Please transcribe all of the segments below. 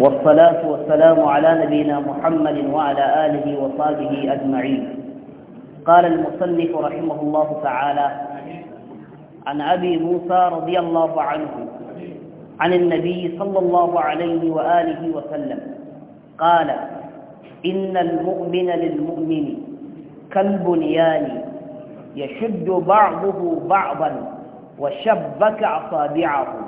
والصلاة والسلام على نبينا محمد وعلى آله وصحبه أجمعين قال المصنف رحمه الله تعالى عن أبي موسى رضي الله عنه عن النبي صلى الله عليه وآله وسلم قال إن المؤمن للمؤمن كالبنيان يشد بعضه بعضا وشبك أصابعه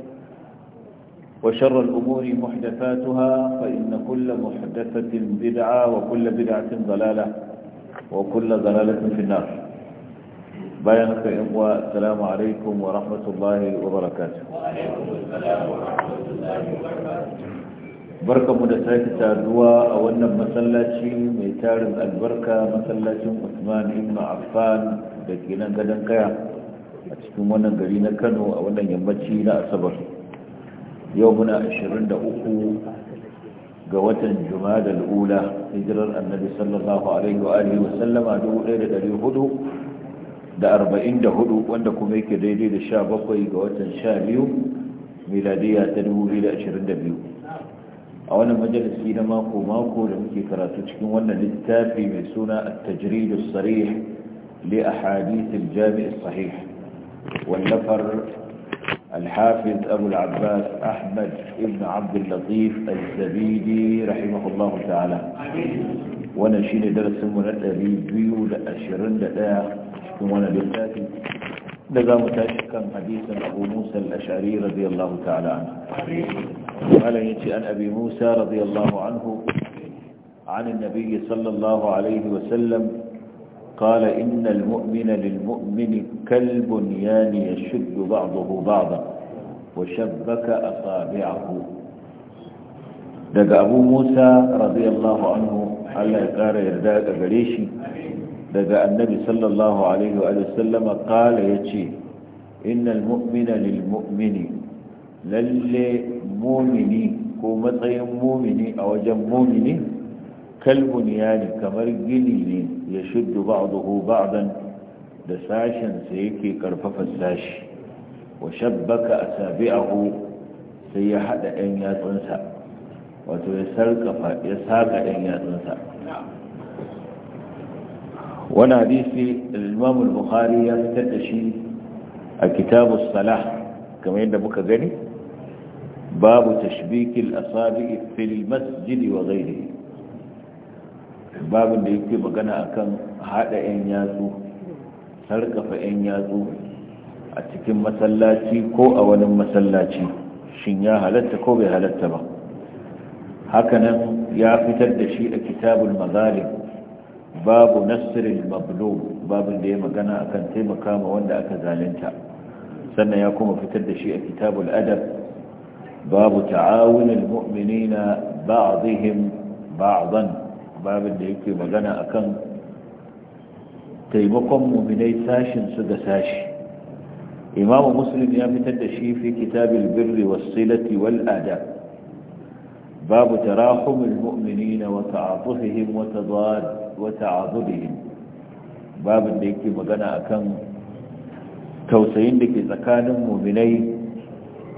وشر الأمور محدثاتها فإن كل محدثة بدعة وكل بدعة ضلالة وكل ضلالة في النار بيانك إخوة السلام عليكم ورحمة الله وبركاته وعليكم السلام ورحمة الله وبركاته بركة مدساة تادوا أولا مسلاتي ميتارم البركة مسلاتي عثمان ابن عفان لكينا قدن قيام أتكلم أن قرينا كانوا أولا يمتشينا أصبر yau muna 23 ga watan da ula hijirar annabi sallallahu alaihi wa alihi wasallama 1444 wanda kuma yake daidai da 17 ga watan 12 miladiya ta 2022 a wani majalisi na mako mako da muke karatu cikin wannan littafi mai suna a tajrid as-sarih li ahadith al-jami' sahih wallafar الحافظ أبو العباس أحمد بن عبد اللطيف الزبيدي رحمه الله تعالى وانا شيني درس من بيو لأشرن لأ وانا بالتاتي لذا متاشكا حديثا أبو موسى الأشعري رضي الله تعالى عنه قال ينشي أن أبي موسى رضي الله عنه عن النبي صلى الله عليه وسلم قال إن المؤمن للمؤمن كالبنيان يشد بعضه بعضا وشبك أصابعه ص أبو موسى رضي الله عنه على قال يرداد غريشي دق النبي صلى الله عليه وآله وسلم قال يجي إ ن المؤمن للمؤمن للمؤمن كومتهم مؤمن أ و جم مؤمنين كالبنيان كمر يشد بعضه بعضا دساشا سيكي كرفف الساش وشبك أسابعه سيحد أن يتنسى وتيسرك فيساق أن يتنسى وانا حديثي الإمام البخاري يفتدشي الكتاب الصلاة كما يندبك غني باب تشبيك الأصابع في المسجد وغيره babin da yake magana akan hada yan yatsu sarkafa yan yatsu a cikin masallaci ko a wani masallaci shin ya halatta ko bai halatta ba hakanan ya fitar da shi a kitabul mazalim babu nasirin mablo babin da ya magana akan taimaka ma wanda aka zalunta sannan ya kuma fitar da shi a kitabul adab babu ta'awunul mu'minina ba'dihim ba'dan babin da yake magana akan taimakon muminai sashin su da sashi imamu muslim ya fitar da shi fi kitabil birri was-silati wal-adab babu tarahumul mu'minina wa ta'atuhum wa tadad wa ta'aduduhum babin da yake magana akan tausayin da ke tsakanin muminai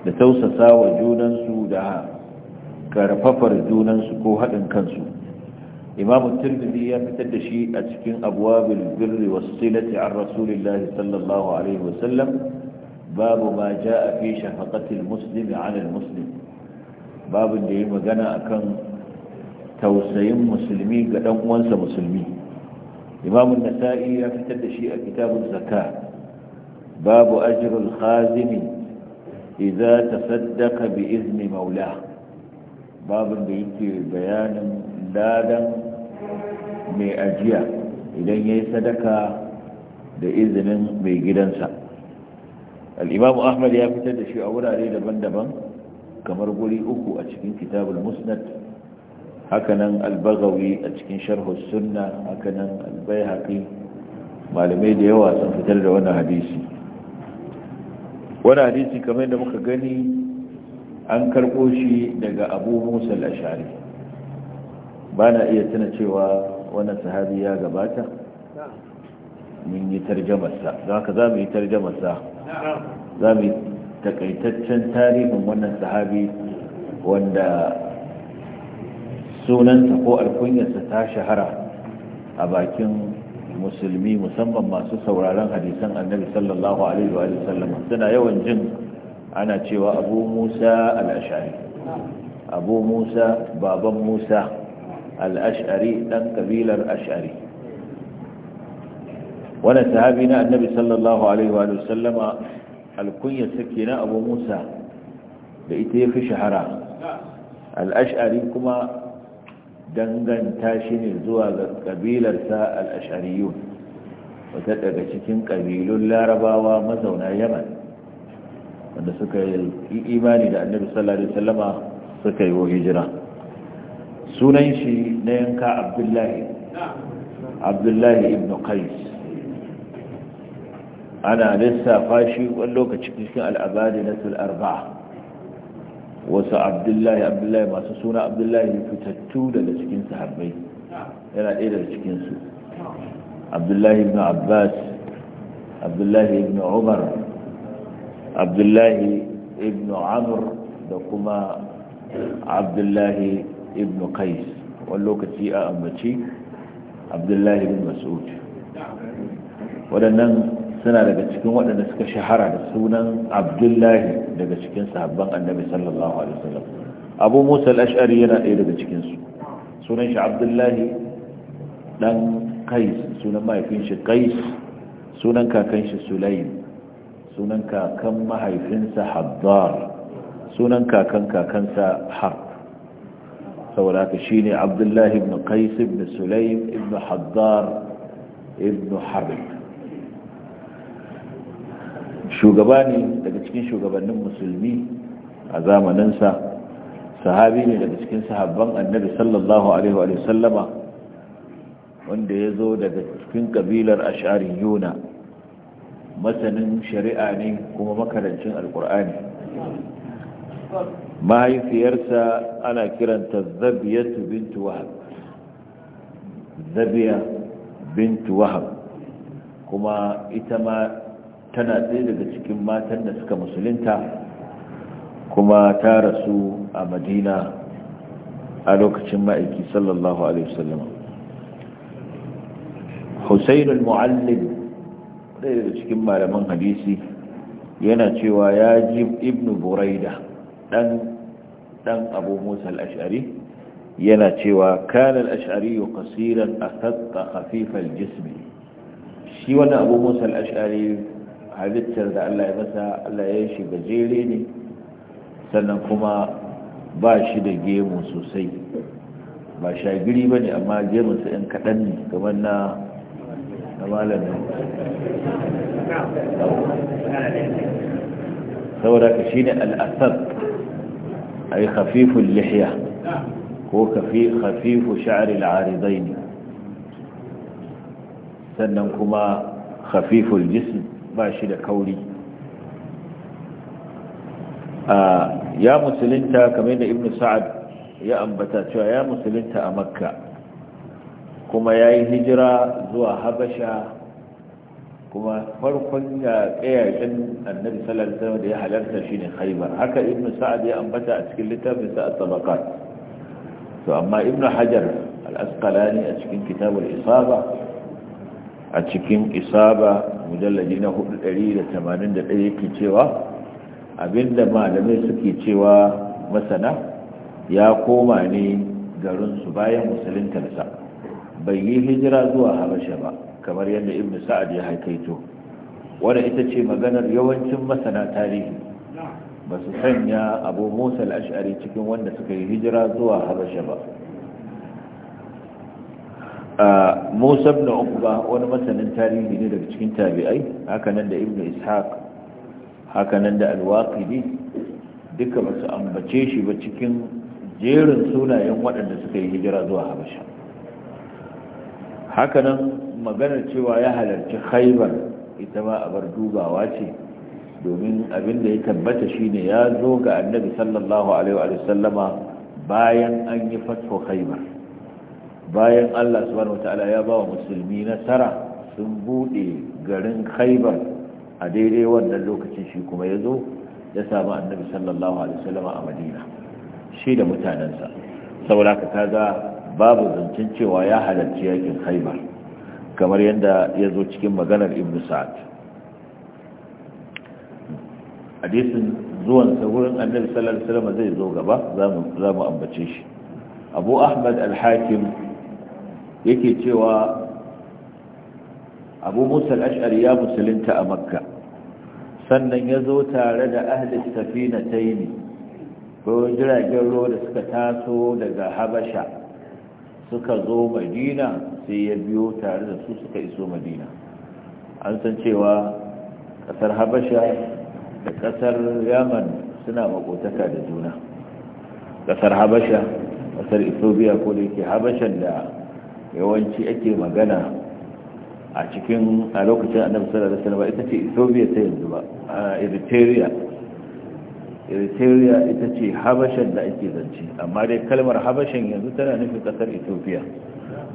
da tausasa wa junansu da karfafar junansu ko haɗin kansu imamu tirmidhi ya fitar da shi a cikin abwabil birri was silati an rasulillahi sallallahu alaihi wasallam babu ma jaa fi shafaqatil muslimi ala muslim babu da yi magana akan tausayin musulmi ga ɗan uwansa musulmi imamu nasa'i ya fitar da shi a kitabun zakka babu ajrul khazimi idza tasaddaqa bi izni Maula. babu da yake bayanin ladan mai ajiya idan ya yi sadaka da izinin mai gidansa al'imamu ahmad ya fitar da shi a wurare daban-daban kamar guri uku a cikin kitabul musnad hakanan albagawi a cikin sharhus sunna hakanan albayhaqi malamai da yawa sun fitar da wani hadisi wani hadisi kamar da muka gani an karɓo shi daga abu musa a ashari ba na iya tuna cewa wannan sahabi ya gabata mun yi tarjamarsa za ka za mu yi tarjamarsa za mu yi takaitaccen tarihin wannan sahabi wanda sunansa ko alkunyarsa ta shahara a bakin musulmi musamman masu sauraron hadisan annabi sallallahu alaihi wa suna yawan jin ana cewa abu musa al'ashari abu musa baban musa Al'ash'ari ɗan ƙabilar kabilar ash'ari wani sahabi na annabi sallallahu alaihi wa sallama alkunya sake na abu musa da ita ya fi shahara al'ashari kuma danganta shi ne zuwa ga ƙabilarsa al'ashariyun wata daga cikin ƙabilun larabawa mazauna yaman wanda suka yi imani da annabi sallallahu alaihi suka yi wa hijira sunan shi na yanka abdullahi abdullahi ibn qais ana lissafa shi wani lokaci cikin al'abari na arba'a wasu abdullahi abdullahi masu suna abdullahi fitattu daga cikin sahabbai yana ɗaya daga cikinsu abdullahi ibn abbas abdullahi ibn umar abdullahi ibn amur da kuma abdullahi ibn qais wani lokaci a ambaci abdullahi bin mas'ud waɗannan suna daga cikin waɗanda suka shahara da sunan abdullahi daga cikin sahabban annabi sallallahu alaihi wasallam abu musa al-ash'ari yana ɗaya daga cikin su sunan shi abdullahi dan qais sunan mahaifin shi qais sunan kakan shi sulaim sunan kakan mahaifinsa haddar sunan kakan kakansa harb saboda shine abdullahi ibn qais ibn sulaim ibn haddar ibn harb shugaba ne daga cikin shugabannin musulmi a zamaninsa sahabi ne daga cikin sahabban annabi sallallahu alaihi wa sallama wanda ya zo daga cikin kabilar ash'ari yuna masanin shari'a ne kuma makarancin alkur'ani mahaifiyarsa ana kiranta zabiyatu bintu wahab zabiya bintu wahab kuma ita ma tana ɗaya daga cikin matan da suka musulunta kuma ta rasu a madina a lokacin ma'aiki sallallahu alaihi wasallam husainul mu'allim ɗaya daga cikin malaman hadisi yana cewa ya ji ibnu buraida ɗan dan abu musa al yana cewa kana al-ash'ari qasiran asatta khafif al-jism shi wannan abu musa al halittar da Allah ya masa Allah ya shi gajere ne sannan kuma ba shi da gemu sosai ba shagiri bane amma gemunsa ɗan kaɗan ne kamar na malamin saboda ka shi ne al'asar ai khafiful lihya ko khafifu sha'ri al sannan kuma khafiful jism ba shi da kauri ya musulunta kamar da ibnu sa'ad ya ambata cewa ya musulunta a makka kuma ya yi hijira zuwa habasha kuma farkon ya kayyacin annabi sallallahu da ya halarta shine haiba. haka ibnu sa'ad ya ambata a cikin littafin sa at to amma ibnu hajar al-asqalani a cikin kitabar isaba a cikin isaba mujalladi na 481 yake cewa abinda malamai suke cewa masana ya koma ne garinsu bayan musuluntarsa bai yi hijira zuwa habasha ba kamar yadda ibn sa'ad ya haikaito wadda ita ce maganar yawancin masana tarihi ba su sanya abu musa al'ashari cikin wanda suka yi hijira zuwa habasha ba musa uku ba wani masanin tarihi ne daga cikin tabi'ai hakanan da ibn ishaq hakanan da al-waqidi duka ba su ambace shi ba cikin jerin sunayen waɗanda suka yi hijira zuwa habasha hakanan maganar cewa ya halarci khaibar ita ma abar dubawa ce domin abin da ya tabbata shine ya zo ga annabi sallallahu alaihi wa sallama bayan an yi fatwa khaibar bayan Allah subhanahu wataala ya ba wa musulmi nasara sun bude garin khaibar a daidai wannan lokacin shi kuma ya zo ya samu annabi sallallahu alaihi wa a madina shi da mutanensa saboda ka babu zancen cewa ya halarci yakin khaibar kamar yadda ya zo cikin maganar ibn sa'ad hadisin zuwan wurin annabi sallallahu zai zo gaba za mu ambace shi abu ahmad al-hakim yake cewa abu musa al-ash'ari ya musulunta a makka sannan ya zo tare da ahli safina taini ko jiragen ruwa da suka taso daga habasha suka zo madina sai ya biyo tare da su suka iso madina an san cewa kasar habasha da kasar yaman suna makotaka da juna kasar habasha kasar ethiopia ko da yake habashan da yawanci ake magana a cikin a lokacin annabi sallallahu alaihi wasallam ita ce ethiopia ta yanzu ba eritrea eritrea ita ce habashan da ake zance amma dai kalmar habashan yanzu tana nufin kasar ethiopia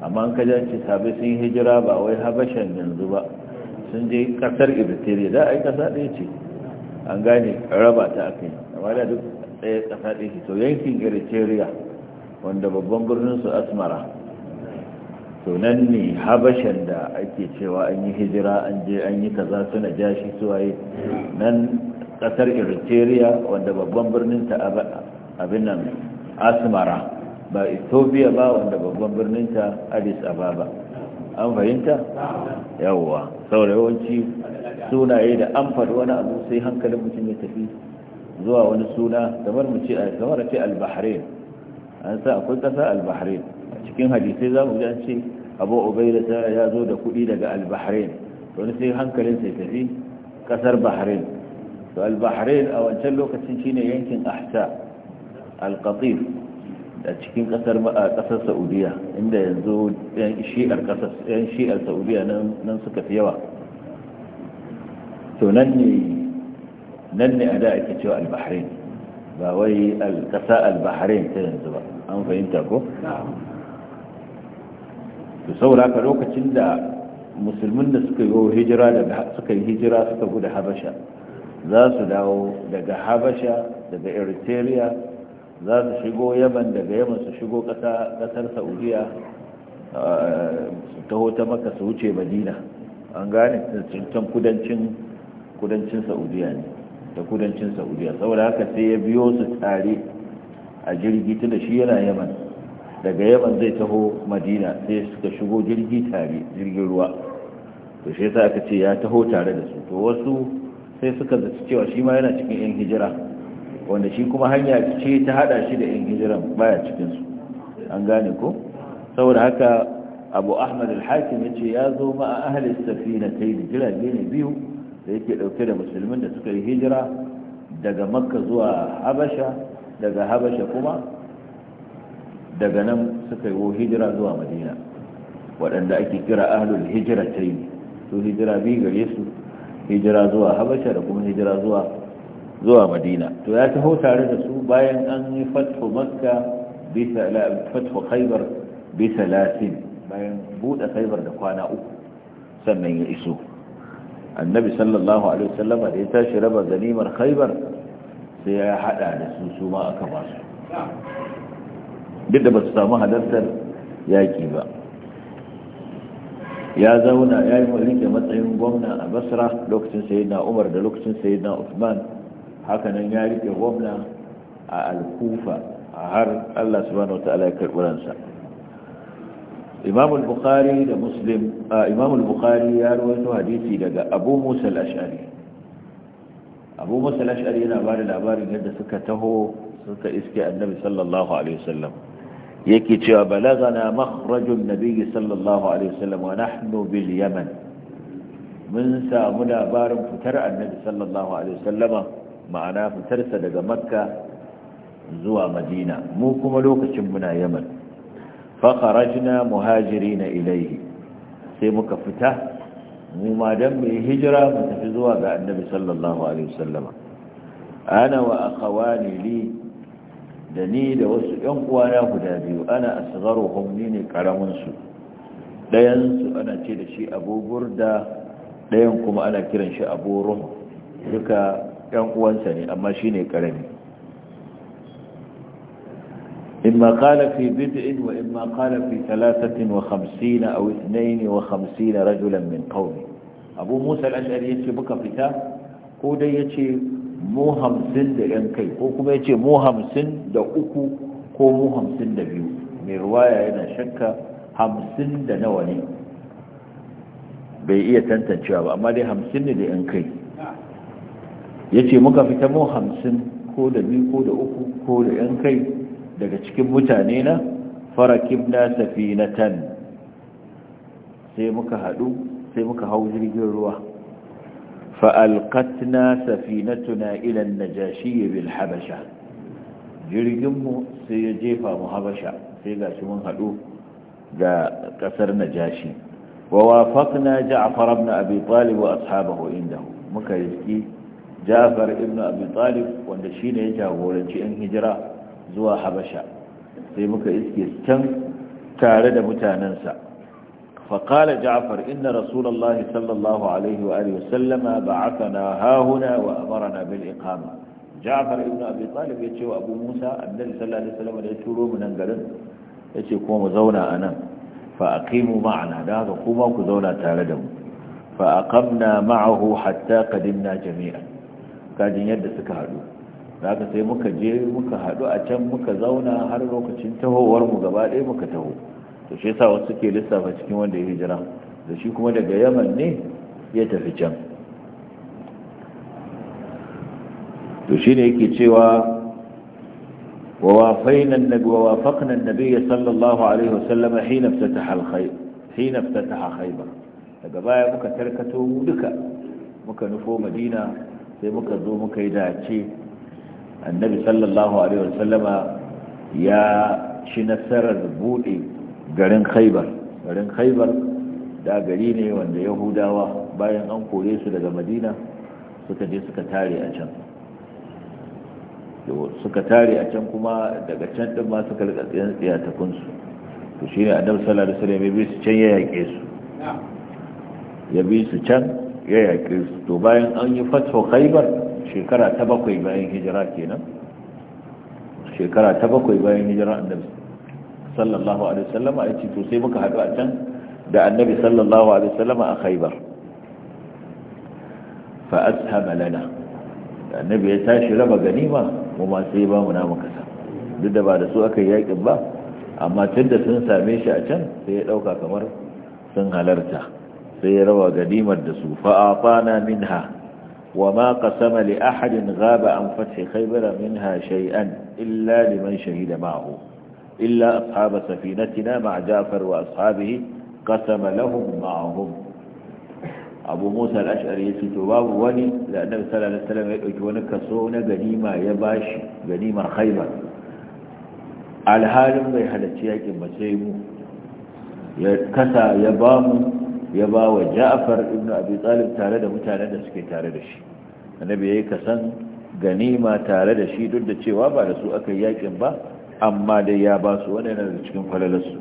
amma an kaja ce sabai sun hijira ba wai habashan yanzu ba sun je kasar eritrea da ai kasa ɗaya ce an gane raba ta aka yi amma da duk ɗaya kasa ɗaya ce to yankin eritrea wanda babban birnin su asmara to nan ne habashan da ake cewa an yi hijira an je an yi kaza suna jashi suwaye nan kasar eritrea wanda babban birnin ta abin nan asmara ba ethiopia ba wanda babban birnin ta addis ababa an fahimta yawwa saboda suna sunaye da an faɗi wani abu sai hankalin mutum ya tafi zuwa wani suna kamar mu ce kamar ce al-bahrain an sa akwai ƙasa al-bahrain cikin hadisai za mu ji an ce abu ubaida ya zo da kuɗi daga al-bahrain wani sai hankalin sai tafi kasar bahrain to al-bahrain a wancan lokacin shine yankin ahsa al-qatif da cikin kasar kasar saudiya inda yanzu yan shi'ar kasar yan shi'ar saudiya nan nan suka fi yawa to nan ne nan ne a da ake cewa al-bahrain ba wai al-kasa al-bahrain ta yanzu ba an fahimta ko to saboda lokacin da musulmin da suka yi hijira daga suka yi hijira suka gudu habasha za su dawo daga habasha daga eritrea za su shigo yaman daga yaman su shigo kasar saudiya eh, su taho maka su wuce madina an gane can kudancin saudiya ne da kudancin saudiya saboda haka sai ya biyo su tare a jirgi tunda shi yana yaman daga yaman zai taho madina sai suka shigo jirgi tare jirgin ruwa to shi yasa aka ce ya taho tare da su to wasu sai suka zaci cewa shi ma yana cikin yan hijira wanda shi kuma hanya ce ta hada shi da yan hijiran baya cikin su an gane ko saboda haka abu ahmad al-hakim yace ya zo ma a ahli safina kai da jirage ne biyu da yake dauke da musulmin da suka yi hijira daga makka zuwa habasha daga habasha kuma daga nan suka yi hijira zuwa madina waɗanda ake kira ahlul hijira ta yi su hijira biyu gare su hijira zuwa habasha da kuma hijira zuwa zuwa madina to ya taho tare da su bayan an yi fathu makka bisa khaybar bayan buɗe khaybar da kwana uku sannan ya iso annabi sallallahu alaihi wasallam da ya tashi raba ganimar khaybar sai ya hada da su su ma aka ba su duk da ba su samu halartar yaki ba ya zauna ya yi rike matsayin gwamna a basra lokacin na umar da lokacin na usman hakanan ya rike gwamna a alkufa a har allah subhanahu wa ta'ala ya karɓi ransa imam al-bukhari da muslim imam al-bukhari ya rawaito hadisi daga abu musa al-ash'ari abu musa al-ash'ari yana ba da labarin yadda suka taho suka iske annabi sallallahu alaihi wasallam يكي بلغنا مخرج النبي صلى الله عليه وسلم ونحن باليمن من سامنا بار فتر النبي صلى الله عليه وسلم معنا فتر سدق مكة زوى مدينة موكم لوك شمنا يمن فخرجنا مهاجرين إليه سيمك فتح مما دم الهجرة متفزوها بأن النبي صلى الله عليه وسلم أنا وأخواني لي da ni da wasu ‘yan uwana guda biyu ana asgharuhum ni ne karaminsu ɗayansu ana ce da shi abu burda ɗayan kuma ana kiran shi abu ruh duka ‘yan uwansa ne amma shi ne karami إما قال في بدء وإما wa في ثلاثة وخمسين أو اثنين وخمسين رجلا من قومي أبو موسى الأشعري يتي بك فتاة قودة يتي mu hamsin da yan kai ko kuma ya ce mu hamsin da uku ko mu hamsin da biyu mai ruwaya yana shakka hamsin da nawa ne bai iya tantancewa ba amma dai hamsin ne da yan kai ya ce muka fita mu hamsin ko da biyu ko da uku ko da yan kai daga cikin mutane na farakin na safi na tan sai muka haɗu sai muka hau jirgin ruwa فألقتنا سفينتنا إلى النجاشي بالحبشة jirginmu sai ya jefa mu habasha sai ga shi mun haɗu ga ƙasar najashi wa wafaqna ja'far ibn abi talib wa ashabahu indahu muka riski ja'far ibn abi talib wanda shine ya jagoranci yan hijira zuwa habasha sai muka iske can tare da mutanensa فقال جعفر إن رسول الله صلى الله عليه وآله وسلم بعثنا هاهنا وأمرنا بالإقامة جعفر ابن أبي طالب يتشي وأبو موسى النبي صلى الله عليه وسلم يتشوروا من أنقلن يتشي قوم زونا أنا فأقيموا معنا هذا قوموا كزونا تالدهم فأقمنا معه حتى قدمنا جميعا كان يد سكهدو لكن سيمك جير مك هدو أتم مك زونا هل لوك تنتهو ورمو قبال إيه مك تهو to shi yasa wasu suke lissafa cikin wanda ya hijira da shi kuma daga yaman ne ya tafi can to shi ne yake cewa ووافينا النبي ووافقنا النبي صلى الله عليه وسلم حين افتتح الخير حين افتتح خيبر daga baya muka tarkato mu duka muka nufo madina sai muka zo muka yi dace annabi sallallahu alaihi wasallama ya ci nasarar bude garin khaibar garin khaibar da gari ne wanda yahudawa bayan an kore su daga madina suka je suka tare a can suka tare a can kuma daga can din ma suka rika su to shi ne annabi sallallahu alaihi wasallam ya bi su can ya yaƙe su ya bi su can ya yaƙe su to bayan an yi fatho khaibar shekara ta bakwai bayan hijira kenan shekara ta bakwai bayan hijira annabi sallallahu alaihi wasallama ya ce sai muka haɗu a can da annabi sallallahu alaihi wasallama a khaibar fa ashaba lana annabi ya tashi raba ganima mu ma sai ba mu namu kasa duk da ba da su aka yakin ba amma tunda sun same shi a can sai ya dauka kamar sun halarta sai ya raba ganimar da su fa afana minha وما قسم لأحد غاب عن فتح خيبر منها شيئا إلا لمن شهد معه إلا أصحاب سفينتنا مع جعفر وأصحابه قسم لهم معهم أبو موسى الأشعري يتباب ولي لأن النبي صلى الله عليه وسلم يقول كسون غنيمة يباش غنيمة خيبة alhalin bai halarci yakin ba sai mu ya kasa ya ba ya ba wa ja'far ibn abi talib tare da mutanen da suke tare da shi annabi yayi kasan ganima tare da shi duk da cewa ba da su aka yakin ba amma dai ya ba su wani yana cikin falalarsu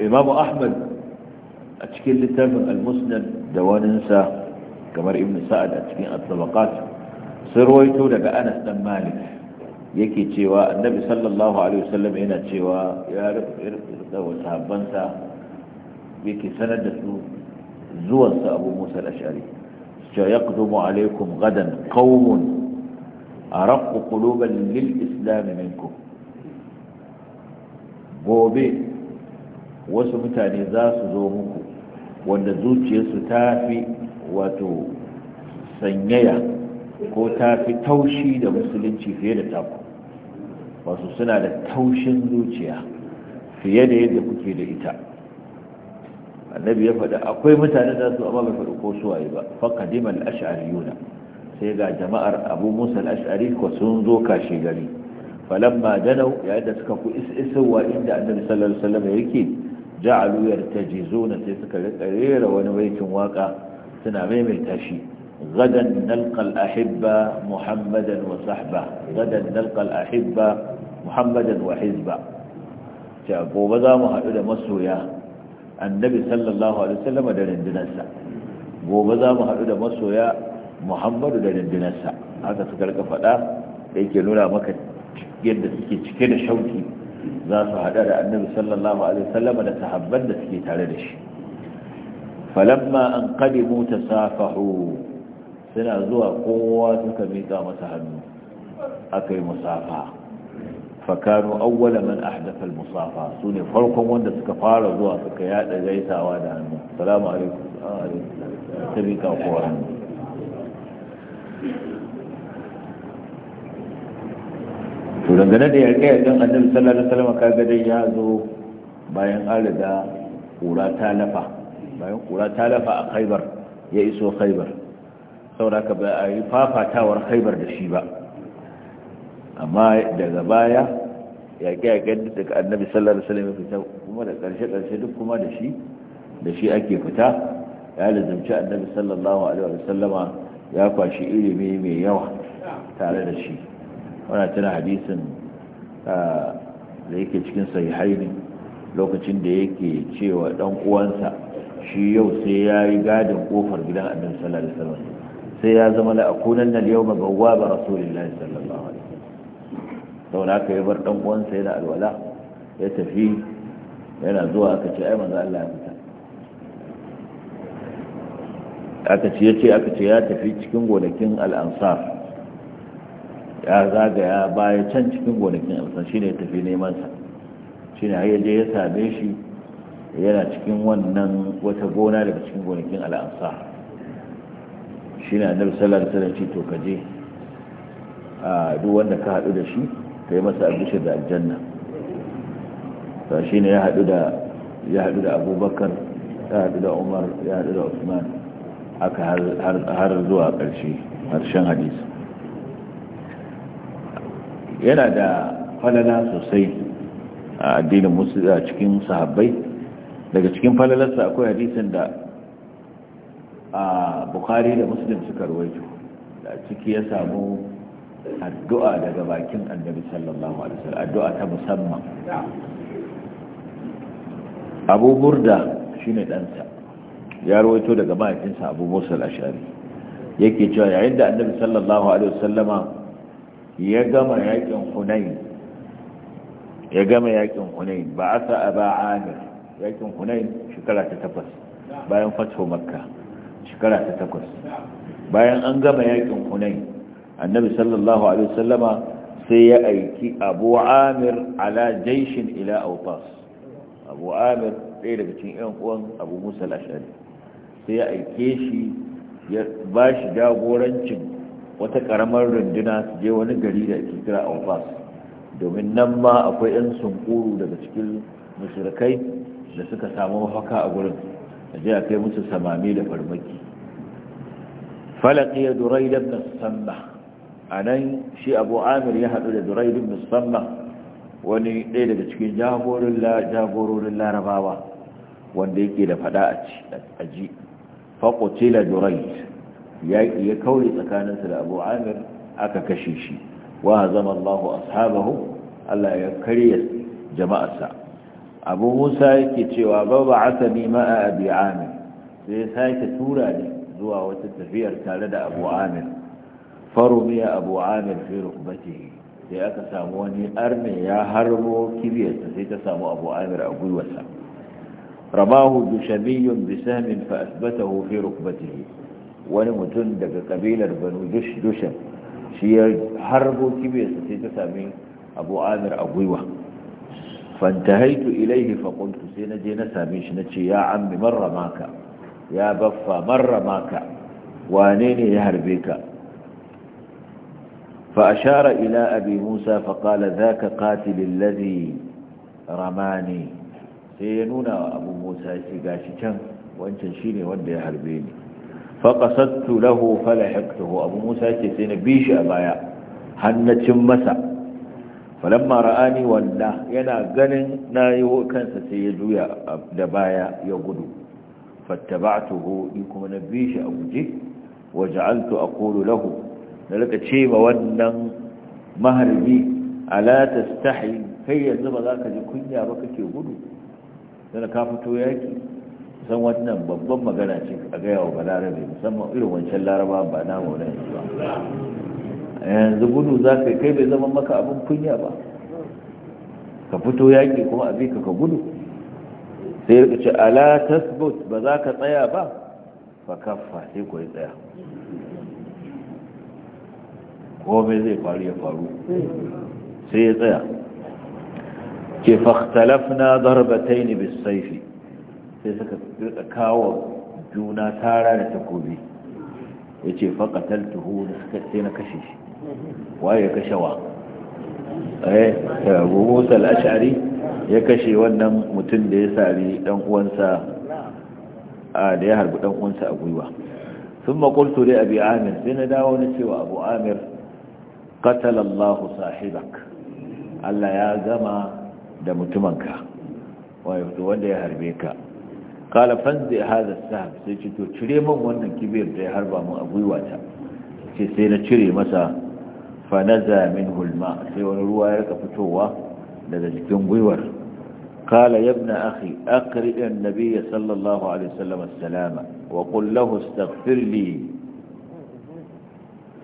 imamu ahmad a cikin littafin al-musnad da waninsa kamar ibn sa'ad a cikin al-tabaqat sun rawaito daga anas dan malik yake cewa annabi sallallahu alaihi wasallam yana cewa ya rubuta wa sahabbansa yake sanar da su zuwansa abu musa al-ashari cewa yaqdumu alaikum gadan qaumun أرق قلوبا للإسلام منكم gobe wasu mutane za su zo muku wanda zuciyarsu ta fi wato sanyaya ko ta fi taushi da musulunci fiye da taku wasu suna da taushin zuciya fiye da yadda kuke da ita annabi ya faɗa akwai mutane da su amma bai faɗi ko suwaye ba faƙadimal ash'ariyuna sai ga jama'ar abu musa al'ashari ko sun zo kashi gari falamma danau yayin da suka ku isowa inda annabi sallallahu alaihi wasallam yake ja'alu yartajizuna sai suka rera wani baitin waka suna maimaita shi gadan nalqal ahibba muhammadan wa sahba gadan nalqal ahibba muhammadan wa hizba ta gobe za mu haɗu da masoya annabi sallallahu alaihi wasallam da rindinarsa gobe za mu haɗu da masoya muhammadu da rindinarsa haka suka rika faɗa da yake nuna maka yadda suke cike da shauki za su haɗa da annabi sallallahu alaihi wasallama da sahabban da suke tare da shi falamma an qadimu tasafahu suna zuwa kowa suka miƙa masa hannu akai musafa fakanu awwala man ahdatha al-musafa sune farkon wanda suka fara zuwa suka yada gaisawa da hannu assalamu alaikum ta miƙa kowa hannu to dangane da yarda yardan annabi sallallahu alaihi wasallam kaga dai ya zo bayan an riga kura ta lafa bayan kura ta lafa a khaibar ya iso khaibar saboda ka ba a yi fafatawar khaibar da shi ba amma daga baya yaƙe-yaƙe daga annabi sallallahu alaihi wasallam ya fita kuma da ƙarshe-ƙarshe duk kuma da shi da shi ake fita ya lazimci annabi sallallahu alaihi wasallama ya kwashi ilimi mai yawa tare da shi wana tana hadisin ah, da yake cikin sai haini lokacin da yake cewa dan uwansa shi yau sai ya yi gadin kofar gidan abin salari salari sai ya zama da akunan nan yau magawa ba rasulullahi sallallahu alaihi sau saboda aka yi bar dan uwansa yana alwala ya tafi yana zuwa aka ce ai maza Allah ya aka ce ya ce aka ce ya tafi cikin gonakin al'ansar ya zagaya baya can cikin gonakin al'ansar shine ya tafi neman sa shine har yaje ya same shi yana cikin wannan wata gona daga cikin gonakin al'ansar shi ne annabi sallallahu alaihi wasallam ce to kaje a duk wanda ka hadu da shi ka yi masa albishir da aljanna to shine ya hadu da ya hadu da abubakar ya hadu da umar ya hadu da usman haka har zuwa ƙarshe harshen hadis yana da falala sosai a addinin musulun a cikin sahabbai daga cikin falalarsa akwai hadisin da a bukari da musulun suka ruwaito da ciki ya samu addu'a daga bakin annabi sallallahu alaihi wasallam addu'a ta musamman abu burda shine ɗansa ya rawaito daga mahaifinsa abu musa al yake cewa yayin da annabi sallallahu alaihi wasallama ya gama yakin hunain ya gama yakin hunain ba asa aba amir yakin hunain shekara ta takwas bayan fatho makka shekara ta takwas bayan an gama yakin hunain annabi sallallahu alaihi wasallama sai ya aiki abu amir ala jaishin ila autas abu amir ɗaya daga cikin yan uwan abu musa al sai ya aike shi ya ba shi jagorancin wata karamar runduna su je wani gari da ake kira alfas domin nan ma akwai 'yan sunkuru daga cikin musulkai da suka samu mafaka a gurin a je a kai musu samami da farmaki falaki ya durai da musamma a nan shi abu amir ya haɗu da durai da musamma wani ɗaya daga cikin jagororin larabawa wanda yake da fada a ji faƙocila durait yaƙi ya kauri tsakaninsa da abu amir aka kashe shi wa zama allahu ashabahu allah ya karya jama'arsa abu musa yake cewa babu ba asa abi amir sai ya sake tura ne zuwa wata tafiyar tare da abu amir farumiya abu amir fi rukbatihi sai aka samu wani arme ya harbo kibiyarsa sai ta samu abu amir a gwiwarsa رماه جشمي بسهم فأثبته في ركبته ونمتن دك قبيلة بنو جش جشم شيء حرب كبير ستتسامي أبو عامر أبويوة فانتهيت إليه فقلت سينجي نساميش نتشي يا عم مر ماك يا بفا مر ماك وانيني يهربيك فأشار إلى أبي موسى فقال ذاك قاتل الذي رماني sai ya nuna wa abu musa ya ce gashi can wancan shine wanda ya harbe ni faƙasattu lahu falahaqtuhu abu musa ya ce sai na bi shi a baya hannacin masa falon mara'ani wanda yana ganin na yi kansa sai ya juya da baya ya gudu ta ni kuma na bi shi a guje waje a kolo lahu da rika ce ma wannan maharbi ala tastahi kai yanzu ba za ka ji kunya ba kake gudu sana ka fito yaki san wannan babban magana ce a gaya wa balarabe musamman irin wancan laraba ba na wani yanzu ba yanzu gudu za ka kai bai zama maka abin kunya ba ka fito yaki kuma a ka ka gudu sai rika ce ala tasbut ba za ka tsaya ba fa kaffa sai ku tsaya ko mai zai faru ya faru sai ya tsaya ke fakhtalafna darbatayn bisayf sai suka rika kawo juna tara da takobi yace fa da suka sai na kashe shi waye ya kashe wa eh Abu Musa al-Ash'ari ya kashe wannan mutum da ya sari dan uwansa a da ya harbi dan uwansa a gwiwa thumma qultu li abi amir sai na dawo na cewa abu amir qatala Allah sahibak Allah ya gama da mutumanka wato wanda ya harbe ka kala fanzi haza sahab sai ce to cire min wannan kibiyar da ya harba mu a gwiwata ce sai na cire masa fanazamin naza minhu sai wani ruwa ya rika fitowa daga jikin gwiwar kala yabna ibn akhi aqri an sallallahu alaihi wasallam as-salama wa qul lahu astaghfir li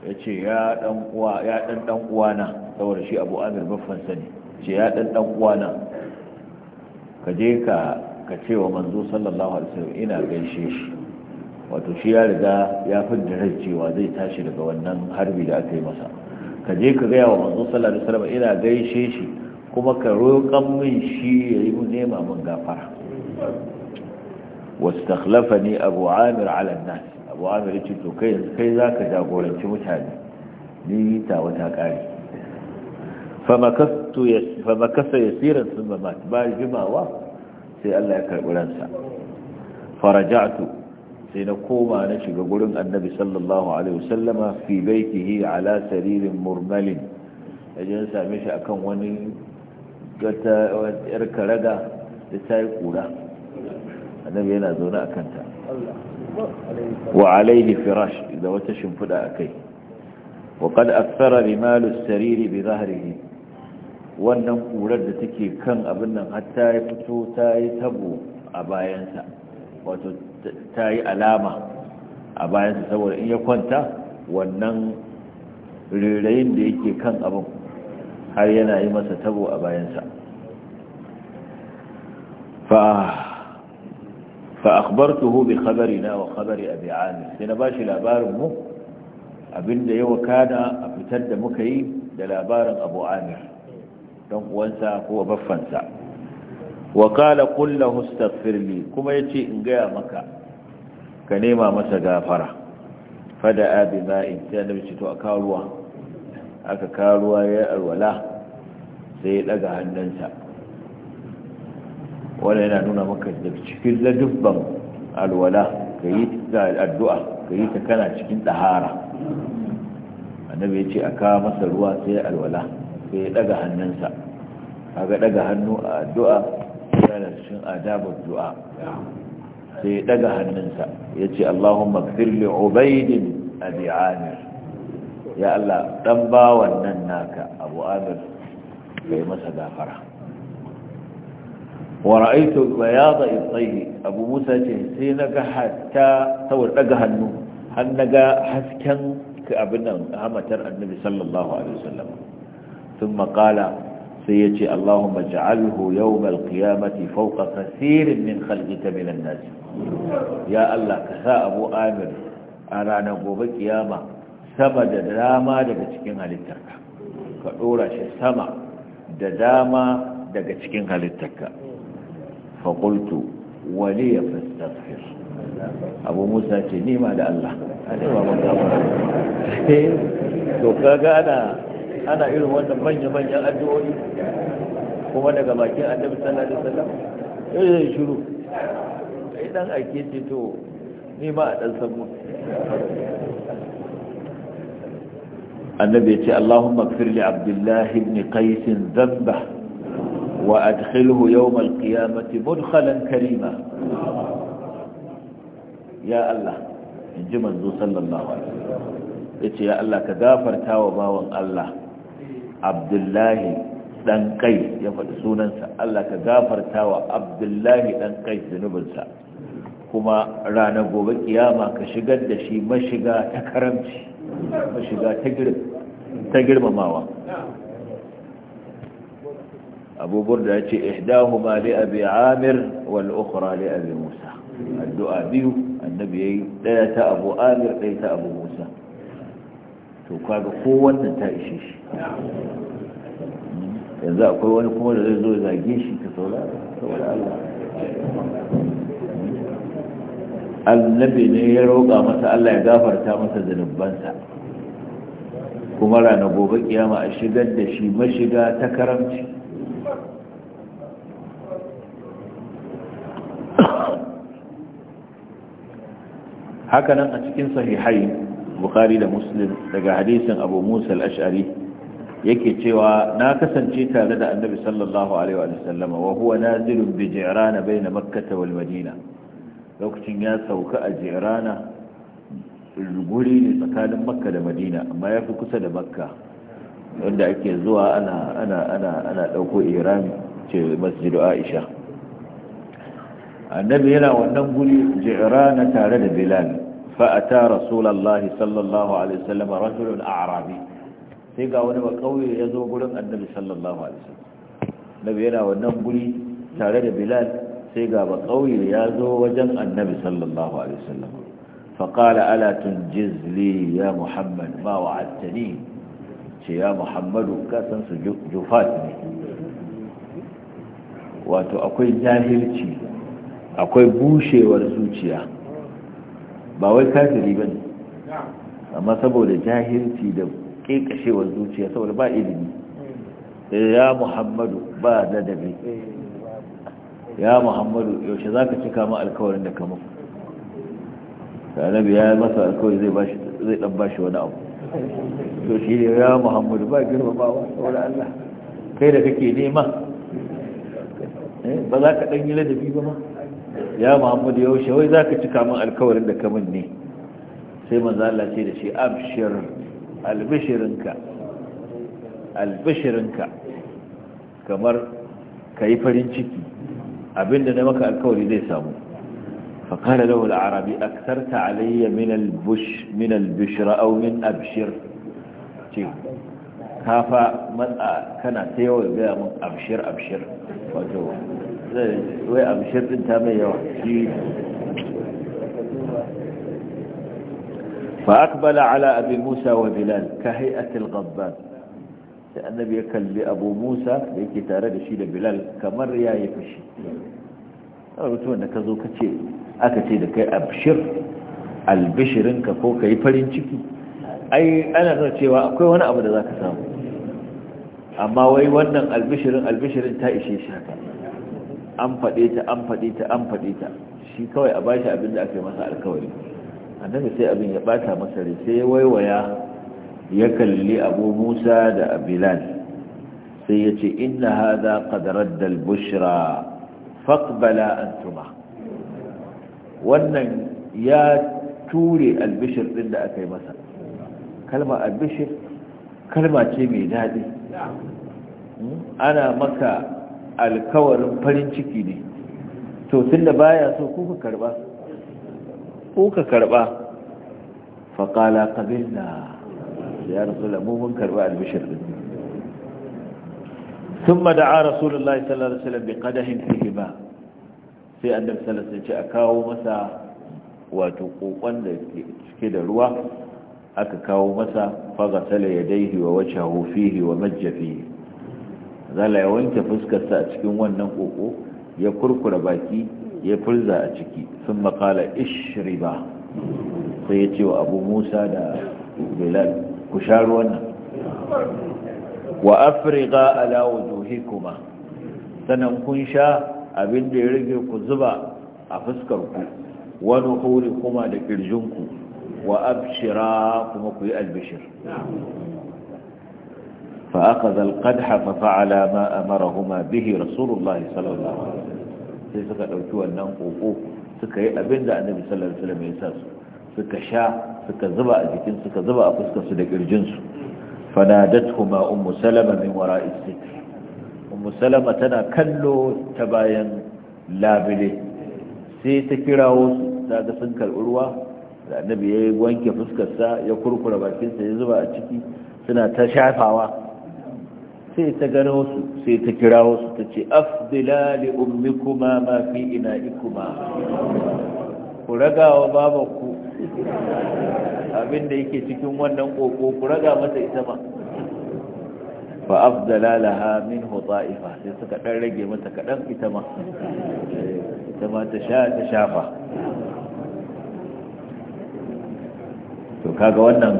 yace ya dan uwa ya dan dan uwana saboda shi Abu Amir baffan sani ce ya dan dan uwana ka je ka ce wa manzo sallallahu alaihi wasallam ina gaishe shi wato shi ya riga ya fidda rai cewa zai tashi daga wannan harbi da aka yi masa ka je ka gaya wa manzo sallallahu alaihi wasallam ina gaishe shi kuma ka roƙan min shi ya yi nema min gafara wastakhlafani abu amir ala nas abu amir ce to kai kai zaka jagoranci mutane ni ta wata kare famakasa ya siran sun ba jimawa sai Allah ya karɓi ransa faraja'atu sai na koma na shiga gurin annabi sallallahu alaihi wasallama fi baitihi ala saririn murmalin ajin same shi akan wani wata yar karaga da ta yi kura annabi yana zaune a kanta wa alaihi firash da wata shimfiɗa a kai وقد أثر رمال السرير بظهره wannan kurar da take kan abin nan hatta ya fito ta yi tabo a bayansa wato ta yi alama a bayansa saboda in ya kwanta wannan rirayin da yake kan abin har yana yi masa tabo a bayansa labarin mu وخبر أبي عامر سنباش a fitar da muka yi da labarin abu عامر dan uwansa ko baffansa wa qala qul lahu astaghfirli kuma yace in gaya maka ka nema masa gafara fada'a in sai annabi ce to a ruwa. aka karuwa ya alwala sai ya daga hannunsa wannan yana nuna maka da cikin ladubban alwala ka yi addu'a ka yi ta kana cikin ɗahara annabi ya ce a kawo masa ruwa sai alwala sai ya daga hannunsa ga daga hannu a addu'a yana cikin adabar du'a sai daga hannunsa ce Allahumma ighfir li ubaydin abi amir ya Allah ɗan bawan nan naka abu amir kai masa gafara wa ra'aytu bayada al-tayy abu musa ce sai naga hatta saboda daga hannu har naga hasken abin nan hamatar annabi sallallahu alaihi wasallam sai ya ce Allahumma ja'alhu yawmal qiyamati fawqa kaseerin min khalqika min an-nas ya Allah ka sa Abu Amir a ranar gobe kiyama sama da dama daga cikin halittarka ka dora shi sama da dama daga cikin halittarka fa qultu wa li fastaghfir Abu Musa ce nima da Allah a ne ba mun gafara to kaga ana ana irin wannan manya-manyan addu'o'i kuma daga bakin annabi sallallahu alaihi wasallam eh zai shiru sai dan ake ce to ni ma a dan san mu annabi ya ce Allahumma ighfir li Abdullah ibn Qais dhanba wa adkhilhu yawm al-qiyamati mudkhalan karima ya Allah in ji manzo sallallahu alaihi wasallam yace ya Allah ka gafarta wa bawan Allah abdullahi dan kai ya faɗi sunansa Allah ka gafarta wa abdullahi dan kai zunubinsa kuma ranar gobe kiyama ka shigar da shi mashiga ta karamci mashiga ta girmamawa abu da ya ce ihdahu ma li abi amir wal ukhra li abi musa addu'a biyu annabi yayi daya ta abu amir daya ta abu musa to kaga ko wannan ta ishe shi yanzu akwai wani kuma da zai zo zage shi ka saurara saboda Allah annabi ne ya roƙa masa Allah ya gafarta masa zanubansa kuma rana gobe kiyama a shigar da shi mashiga ta karamci hakanan a cikin sahihai bukhari da muslim daga hadisin abu musa al-ash'ari yake cewa na kasance tare da annabi sallallahu alaihi wa sallama wa huwa nazilun bi jirana baina makkah wal madina lokacin ya sauka a jirana guri ne tsakanin makka da madina amma ya fi kusa da makka wanda ake zuwa ana ana ana ana dauko iran ce masjidu aisha annabi yana wannan guri jirana tare da bilal فأتى رسول الله صلى الله عليه وسلم رجل أعرابي sai ga wani bakawai ya zo gurin annabi sallallahu alaihi wasallam nabi yana wannan guri tare da bilal sai ga bakawai ya zo wajen annabi sallallahu alaihi wasallam fa qala ala tunjizli ya muhammad ma wa'adtani ce ya muhammad ka san su jufat ne wato akwai jahilci akwai bushewar zuciya ba wai kafiri ba ne amma saboda jahilci da ƙeƙashewar zuciya saboda ba ilimi eh, ya muhammadu ba da dabi ya muhammadu yaushe za ka cika ma alkawarin da kama tanabi ya masa alkawari zai ɗan bashi wani abu to shi ne ya muhammadu ba girma ba saboda allah kai da kake nema eh, ba za ka ɗan yi ladabi ba ma ya muhammadu yau wai za ka cika min alkawarin da kamun ne sai manzala ce da shi abshir albishirinka albishirinka kamar ka yi farin ciki abinda na maka alkawari zai samu fakara lau al'arabi aksar ta alayya min albishira au min abshir ce kafa matsa kana ta yawon gaya min abshir abshir wato zai wai abu ta mai yawa shi fa akbala ala abin musa wa bilal ka hai'atul gabbar sai annabi ya kalli abu musa da yake tare da shi da bilal kamar ya yi fashi a rutu wanda ka zo ka ce aka ce da kai abshir albishirinka ko ka yi farin ciki ai ana zai cewa akwai wani abu da za ka samu amma wai wannan albishirin albishirin ta ishe shakar an faɗe ta an faɗe ta an faɗe ta shi kawai a bashi abin da aka yi masa alkawari annabi sai abin ya bata masa rai sai ya waiwaya ya kalli abu musa da bilal sai ya ce inna haza kadarar dal bushra faqbala antuma wannan ya ture albishir ɗin da aka yi masa kalma albishir kalma ce mai daɗi hmm? ana maka alkawarin farin ciki ne to tunda baya so ku ka karba ku ka karba fa qala qabilna ya rasul mu mun karba albishir din thumma da'a rasulullahi sallallahu alaihi wasallam biqadahin fihi ba sai an sallallahu alaihi wasallam ya ce a kawo masa wato kokon da suke da ruwa aka kawo masa fagasala ya daihi wa wace hufihi wa majjafi zala ya wanke fuskarsa a cikin wannan koko ya kurkura baki ya furza a ciki sun makala ishriba sai ya ce wa abu musa da bilal ku sha ruwan nan wa afirka alawo wujuhi kuma sanan kun sha abin da ya rage ku zuba a fuskarku wani hori kuma da ƙirjinku wa abshira kuma ku yi albishir فأخذ القدح ففعل ما أمرهما به رسول الله صلى الله عليه وسلم sai suka ɗauki wannan ƙoƙo suka yi abin da annabi sallar alaihi wasallam sa su suka sha suka zuba a jikin suka zuba a fuskar da ƙirjinsu. su fanadathuma ummu salama min wara sitr ummu salama tana kallo ta bayan labile sai ta kirawo su ta ga sun karɓi ruwa da annabi ya wanke fuskarsa ya kurkura bakinsa ya zuba a ciki suna ta shafawa sai ta gano su, sai ta kira wasu ta ce afdila li ummikuma ma fi ina'ikuma ku raga wa babanku abinda yake cikin wannan koko ku raga mata ita ma fa afdala laha minhu ta'ifa sai suka dan rage mata kadan ita ma ita ma ta sha ta shafa to kaga wannan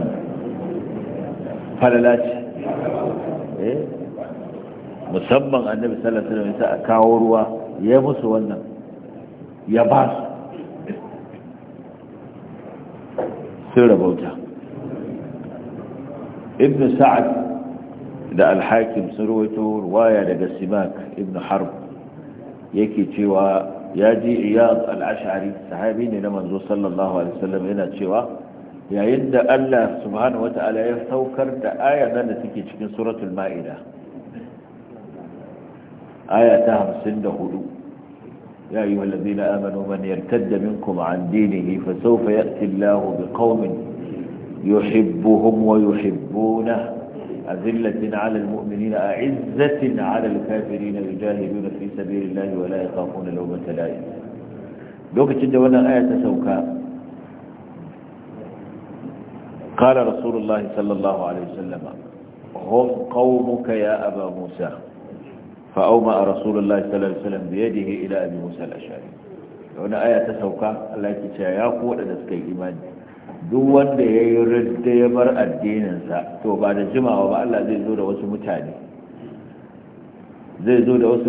falala ce eh musamman annabi sallallahu alaihi wasallam ya kawo ruwa ya musu wannan ya ba su sun rabauta ibn sa'ad da alhakim sun rawaito ruwaya daga simak ibn harb yake cewa ya ji iyad al-ash'ari sahabi ne na manzo sallallahu alaihi wasallam yana cewa yayin da Allah subhanahu wata'ala ya saukar da ayan da take cikin suratul ma'ida آية هرسن دخلوا يا أيها الذين آمنوا من يرتد منكم عن دينه فسوف يأتي الله بقوم يحبهم ويحبونه أذلة على المؤمنين أعزة على الكافرين يجاهدون في سبيل الله ولا يخافون لهم تلائم لو كنت جدونا آية سوكا قال رسول الله صلى الله عليه وسلم هم قومك يا أبا موسى فأومأ رسول الله صلى الله عليه وسلم بيده إلى أبي موسى الأشعري wani aya ta sauka Allah ke cewa ya ku waɗanda suka yi imani duk wanda ya yi ridda bar addininsa to ba da jimawa ba Allah zai zo da wasu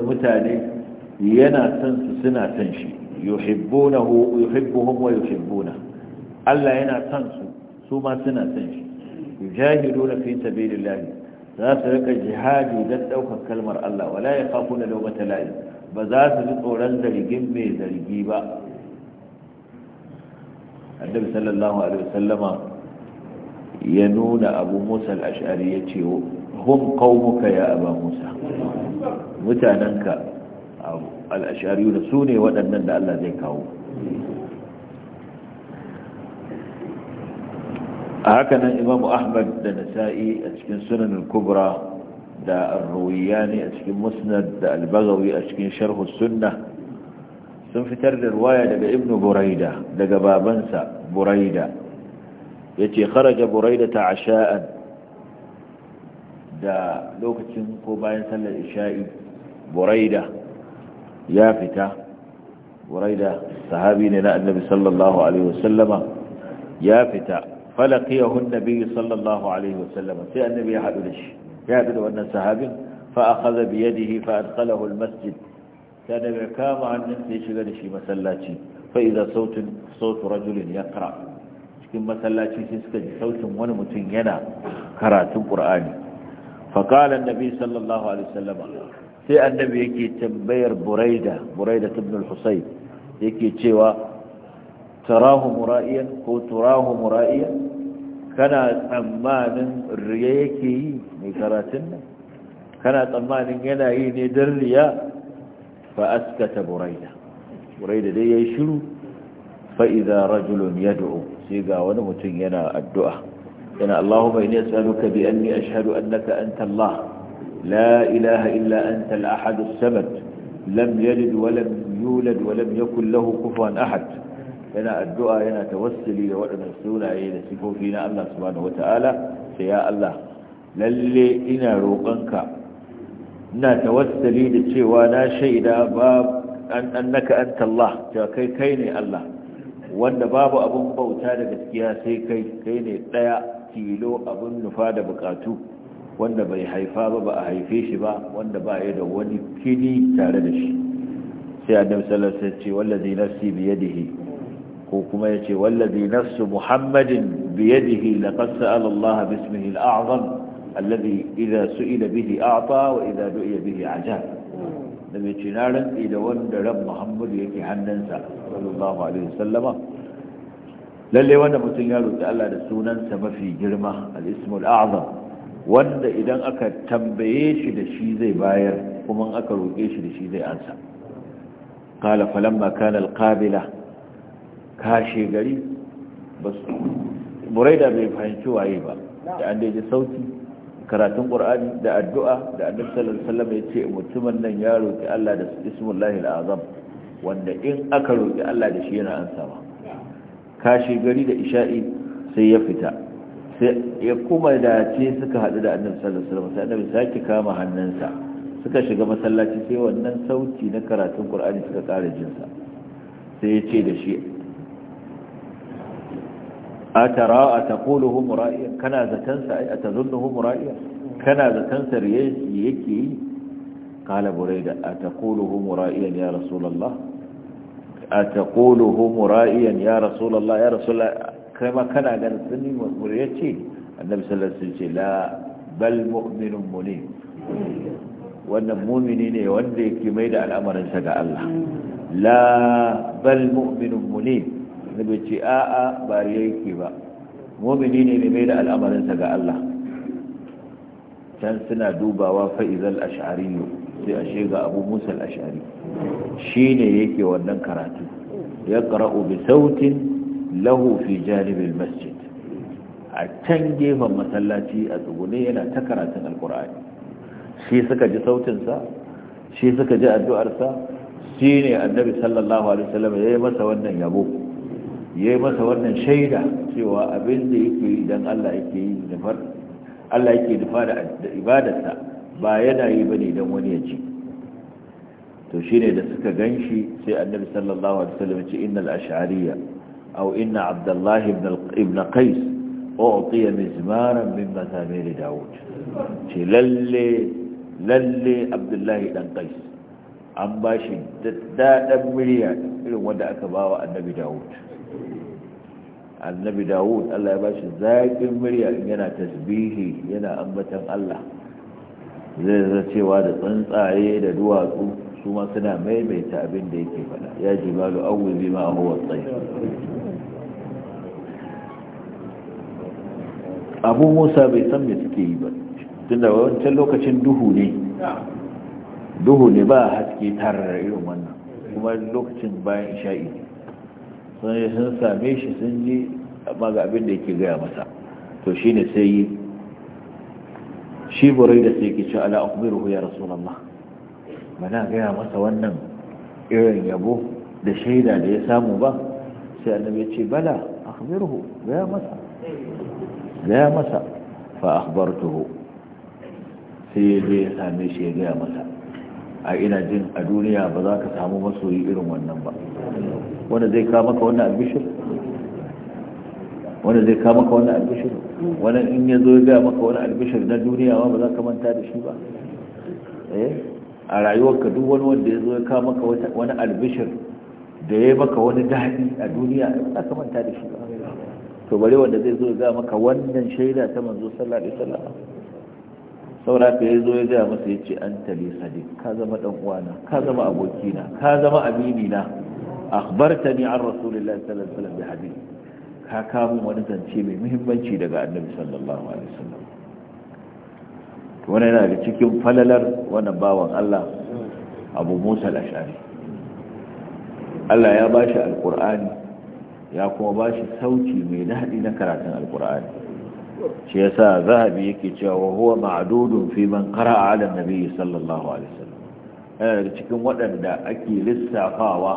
mutane yana son su suna son shi yuhibbunahu Allah yana son su su ma suna son shi yujahiduna za su rika jihadi don ɗaukar kalmar Allah wala ya kafu na lokacin layi ba za su ji tsoron zargin mai zargi ba annabi sallallahu alaihi wasallama ya nuna abu musa al-ash'ari ya ce hum kawuka ya aba musa mutananka al-ash'ari su ne waɗannan da Allah zai kawo haka nan imamu ahmad da nasa'i a cikin sunan kubra da arruwiyani a cikin musnad da albagawi a cikin sharhu sunna sun fitar da ruwaya daga ibn buraida daga babansa buraida ya ce kharaja buraida ta asha'an da lokacin ko bayan sallar isha'i buraida ya fita buraida sahabi ne na annabi sallallahu alaihi wasallama ya fita falakiyahun nabi sallallahu alaihi wasallam sai annabi ya haɗu da shi ya haɗu da wannan sahabin fa'akaza biye da hi fa'adkalahu almasjid ta da bai kama hannun sai shiga da shi masallaci fa'i da sautu rajulin ya kara cikin masallaci sai suka ji sautin wani mutum yana karatun ƙur'ani fakala nabi sallallahu alaihi wasallam sai annabi yake tambayar buraida buraida tabnul husayn yake cewa tarahu mura'iyan ko turahu mura'iyan kana tsammanin riya yake yi mai karatun nan kana tsammanin yana yi ne don riya fa askata buraida buraida dai ya yi shiru fa'iza rajulun ya du'u sai ga wani mutum yana addu'a yana Allahumma ne tsaruka bi an ni a shahadu annaka an tallah la ilaha illa an tal'ahadu samad lam yalid walam yulad walam yakun lahu kufan ahad yana addu'a yana tawassuli da waɗannan sunaye da sifofi na Allah subhanahu wata'ala sai ya Allah lalle ina roƙonka ina tawassuli da cewa na shaida ba an annaka anta Allah cewa kai kai ne Allah wanda babu abun bauta da gaskiya sai kai kai ne daya tilo abun nufa da bukatu wanda bai haifa ba ba a haife shi ba wanda ba ya da wani kini tare da shi sai annabi sallallahu alaihi wasallam ce wallazi nafsi bi ko kuma ya ce wallazi nafsu muhammadin biyadihi laqad sa'ala Allah bismihi al-a'zam alladhi idza su'ila bihi a'ta wa idza du'iya bihi ajab da mai ce na rantsi da wanda ran muhammadu yake hannunsa sallallahu alaihi wasallama lalle wanda mutum ya roƙi Allah da sunansa mafi girma al-ismul a'zam wanda idan aka tambaye shi da shi zai bayar kuma aka roƙe shi da shi zai ansa qala falamma kana al-qabila kashe gari buraida bai fahimci waye ba da an daji sauti karatun ƙur'ani da addu'a da annabi Salam ya ce mutumin nan ya roƙi Allah da ismullahi azam wanda in aka roƙi Allah da shi yana sama kashe gari da isha'i sai ya fita sai ya kuma ce suka haɗu da annabi sallallahu alaihi wasallam sai annabi sake kama hannunsa suka shiga masallaci sai wannan sauti na karatun ƙur'ani suka ƙara jinsa sai ya ce da shi atara ataquluhu mura'iyan kana zatansa ai atazunnuhu mura'iyan kana zatansa yi qala burayda ataquluhu mura'iyan ya rasulullah ya rasulullah ya kai ma kana ganin sunni mura'iyace annabi sallallahu alaihi wasallam ce la bal mu'minun mulim wannan mumini ne wanda yake mai da al'amarinsa ga Allah la bal mu'minun annabi ce a'a ba ya yake ba mu'mini ne mai mai da al'amarinsa ga Allah can suna dubawa fa'izal ash'ari sai a shiga abu musa al-ash'ari shine yake wannan karatu ya qara'u bi sautin lahu fi masjid a can gefen masallaci a tsugune yana ta karatun alkur'ani shi suka ji sautinsa shi suka ji addu'arsa shi ne annabi sallallahu alaihi wasallam ya yi masa wannan yabo ya yi masa wannan shaida cewa abin da yake yi don Allah yake yi nufar Allah nufa da ibadarsa ba yana yi bane don wani ya ci to shine da suka ganshi sai annabi sallallahu alaihi wasallam ya ce innal ashariya aw inna abdullahi ibn qais u'tiya mizmaran min mazamir daud ce lalle lalle abdullahi dan qais an bashi daddadan murya irin wanda aka bawa annabi daud annabi dawud Allah ya shi zaƙin murya in yana tasbihi yana ambatan Allah zai zai cewa da tsuntsaye da duwatsu su ma suna maimaita abin da yake faɗa ya ji balu auwuzi ma huwa tsaye abu musa bai san me suke yi ba tunda wancan lokacin duhu ne duhu ne ba haske tarar irin wannan kuma lokacin bayan isha'i sun yi sun same shi sun ji amma ga abin da yake gaya masa to shi ne sai yi shi burai da sai ke ci ala rasu ya rasulallah mana gaya masa wannan irin yabo da shaida da ya samu ba sai annabi ya ce bala akubiru gaya masa gaya masa fa akhbartuhu sai ya je ya same shi ya gaya masa a ina jin a duniya ba za ka samu masoyi irin wannan ba wanda zai kama ka wannan albishir wanda zai kama ka wannan albishir wanda in ya zo ya maka wani albishir na duniya ba za ka manta da shi ba eh, a rayuwarka duk wani wanda ya zo ya kama ka wani albishir da ya maka wani daɗi a duniya ba za ka manta da shi ba to bare wanda zai zo ya gaya maka wannan shaida ta manzo sallallahu alaihi wasallam saura ka ya zo ya gaya masa ya ce an tali sadiq ka zama dan uwana ka zama abokina ka zama aminina akhbartani an rasulillahi sallallahu alaihi wasallam bi hadith ka kawo wani zance mai muhimmanci daga annabi sallallahu alaihi wasallam wannan yana da cikin falalar wannan bawan Allah Abu Musa al-Ash'ari Allah ya bashi alqur'ani ya kuma bashi sauti mai daɗi na karatun alqur'ani shi yasa zahabi yake cewa wa huwa ma'dudun fi man qara'a 'ala an-nabi sallallahu alaihi wasallam yana daga cikin waɗanda ake lissafawa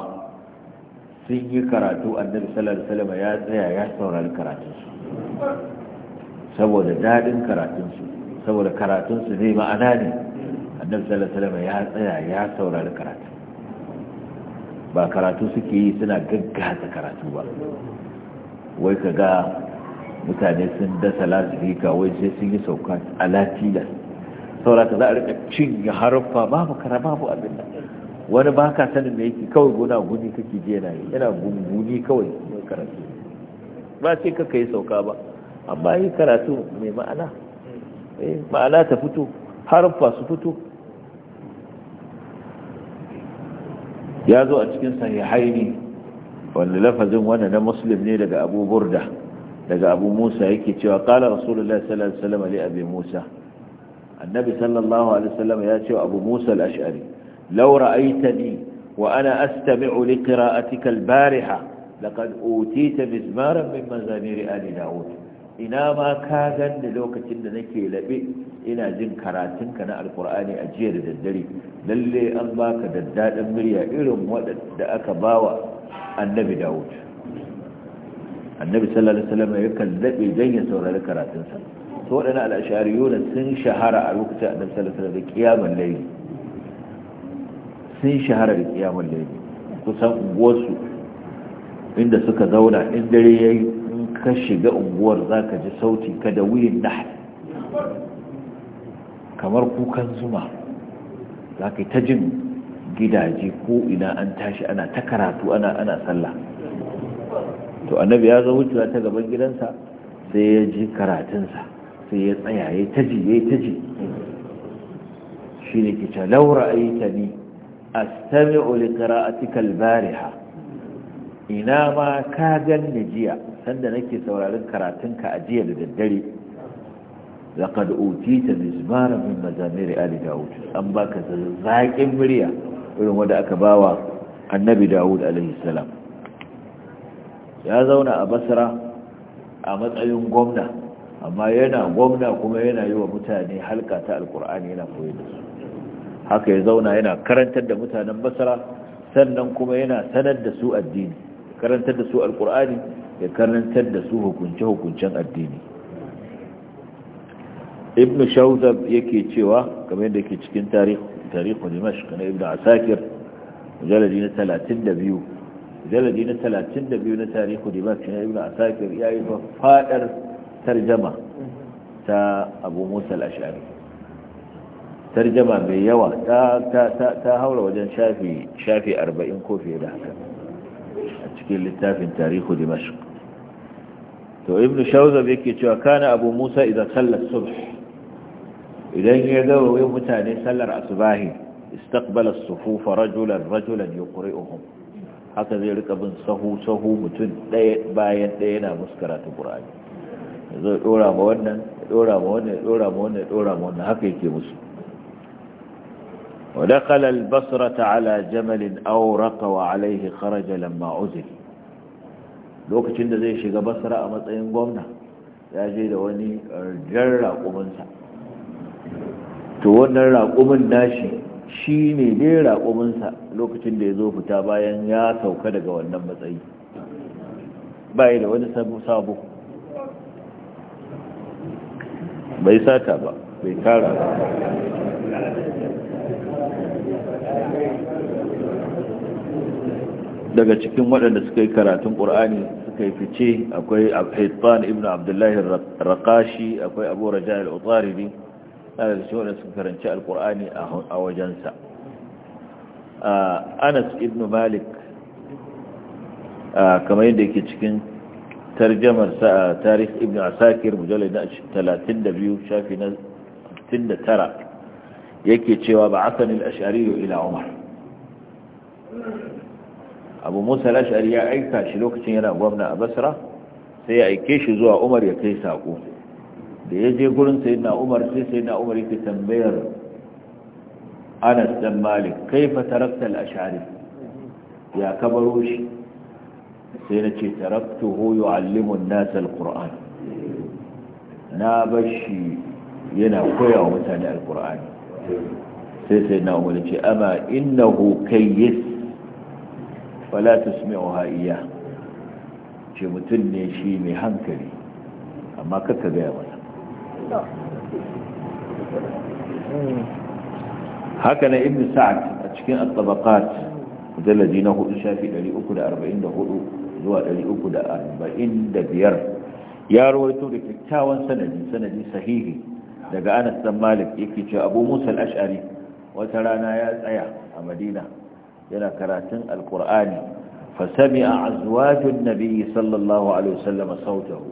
sun yi karatu annabi sallallahu alaihi wasallam ya tsaya ya saurari karatun su saboda dadin karatun su saboda karatun su zai ma'ana ne annabi sallallahu alaihi wasallam ya tsaya ya saurari karatun ba karatu suke yi suna gaggata karatu ba wai ka ga mutane sun dasa ga wai sai sun yi sauka a latila sauraka za a rika cinye haruffa babu kara babu abin nan wani ba ka sanin da yake kawai guna guni kake je yana yana guni kawai mai karatu ba sai ka kai sauka ba amma yi karatu mai ma'ana eh, ma'ana ta fito haruffa su fito ya zo a cikin sahihaini wanda lafazin wanda na musulmi ne daga abubuwar da. daga abu musa yake cewa kala rasulullah sallallahu alaihi wasallam li abi musa annabi sallallahu alaihi wasallam ya ce abu musa al-ash'ari law ra'aytani wa ana astami'u li qira'atika al-bariha laqad utita mizmaran min mazamir ali daud ina ma ka ganni lokacin da nake labe ina jin karatunka na alqur'ani a jiya da daddare lalle an baka daddadan murya irin wadanda aka bawa annabi daud annabi sallallahu alaihi wasallam ya kallabe dan ya saurari karatunsa to waɗannan al'ashariyuna sun shahara a lokacin annabi sallallahu alaihi wasallam da kiyamul sun shahara da kiyamul layli kusan unguwarsu inda suka zauna in dare yayi in ka shiga unguwar zaka ji sauti kada wuyin na kamar kukan zuma zaka ta jin gidaje ko ina an tashi ana ta karatu ana ana sallah to annabi ya zama wucewa ta gaban gidansa sai ya ji karatunsa sai ya tsaya ya taji ya taji shi ne ke ce laura aita ni astami olikara a tikal bariha ina ma ka gan ni jiya sanda nake saurarin karatunka a jiya da daddare لقد أوتيت مزمارا من مزامير آل داود أم باك زاكي مريا ولم ودأك باوى Annabi Dawud عليه السلام ya zauna a basra a matsayin gwamna amma yana gwamna kuma yana yi wa mutane halka ta alkur'ani yana koyi da su haka ya zauna yana karantar da mutanen basra sannan kuma yana sanar da su addini karantar da su alkur'ani ya karantar da su hukunce-hukuncen addini ibn shawzab yake cewa kamar yadda ke cikin tarihu dimashq na ibn asakir mujalladi na 32 جلدي نتلا تندبي نتاريخ دماغ شنا يبنى أساكر يأي فائر ترجمة تا أبو موسى الأشعري ترجمة بيوة تا, تا, تا, تا هولا وجن شافي شافي أربعين كوفي إلى حكا أتكين للتافي تاريخ دماغ تو ابن شوزة بيكي تو كان أبو موسى إذا صلى الصبح إذا يدو يوم تاني صلى رأس باهي استقبل الصفوف رجلا رجلا يقرئهم haka zai rika bin sahu sahu mutum ɗaya bayan ɗaya yana musu karatu qur'ani yanzu ya ma wannan ya ma wannan ya ma wannan ya ma wannan haka yake musu ودخل البصرة على جمل أورق وعليه خرج لما عزل lokacin da zai shiga basra a matsayin gwamna ya je da wani jan raƙuminsa to wannan raƙumin nashi shi ne ne raƙuminsa lokacin da ya zo fita bayan ya sauka daga wannan matsayi bayi da wani sabo bai sata ba bai kara ba daga cikin waɗanda suka yi karatun ƙur'ani suka yi fice akwai haifan ibn abdullahi raƙashi akwai abu raja'il ne? Ana da shi waɗanda suka karanci alkur'ani a wajensa anas ibn malik kamar yadda yake cikin tarjamar sa tarih ibn asakir mujallar na 32 shafi na 69 yake cewa ba asanin ashariyo ila umar abu musa al ya aika shi lokacin yana gwamna a basra sai ya aike shi zuwa umar ya kai saƙo da ya je gurin na umar sai na umar yake tambayar anas dan malik kai fa al-ash'ari ya kabaro shi sai na ce taraktuhu yu'allimu an-nas al-qur'an na bashi yana koya wa mutane al-qur'ani sai sai na umar ce amma innahu kayyis fala tusmi'uha iya ce mutum ne shi mai hankali amma kaka gaya mata haka na ibn sa'ad a cikin at-tabaqat mujalladi na 4 shafi 344 zuwa 345 ya rawaito da kyakkyawan sanadi sanadi sahihi daga Anas dan Malik yake cewa Abu Musa al-Ash'ari wata rana ya tsaya a Madina yana karatun al-Qur'ani fa sami'a azwajun nabiy sallallahu alaihi wasallam sautahu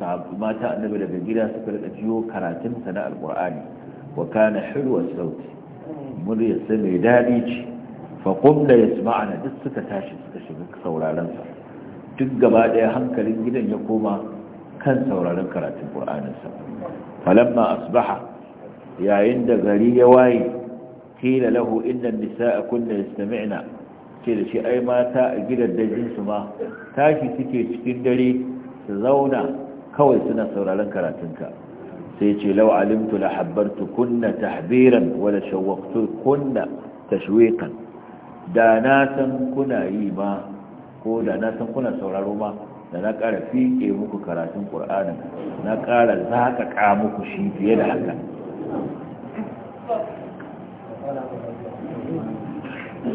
sahabbu mata annabi daga gida suka rika jiyo karatun sa na alqur'ani wa kana sauti murya mai dadi ce fa qumna yasma'ana duk suka tashi suka shiga sauraron sa duk gaba daya hankalin gidan ya koma kan sauraron karatun qur'anin sa falamma asbaha yayin da gari ya waye qila lahu inna nisa nisaa kunna yastami'na ce da shi ai mata a gidan dajin su ma tashi suke cikin dare su zauna kawai suna sauraron karatunka sai ce lau alimtu la habbartu kunna tahbiran wala shawwaqtu kunna tashwiqan da na san kuna yi ma ko da na san kuna sauraro ma da na ƙara fiƙe muku karatun ƙur'anin na ƙara zaƙaƙa muku shi fiye da haka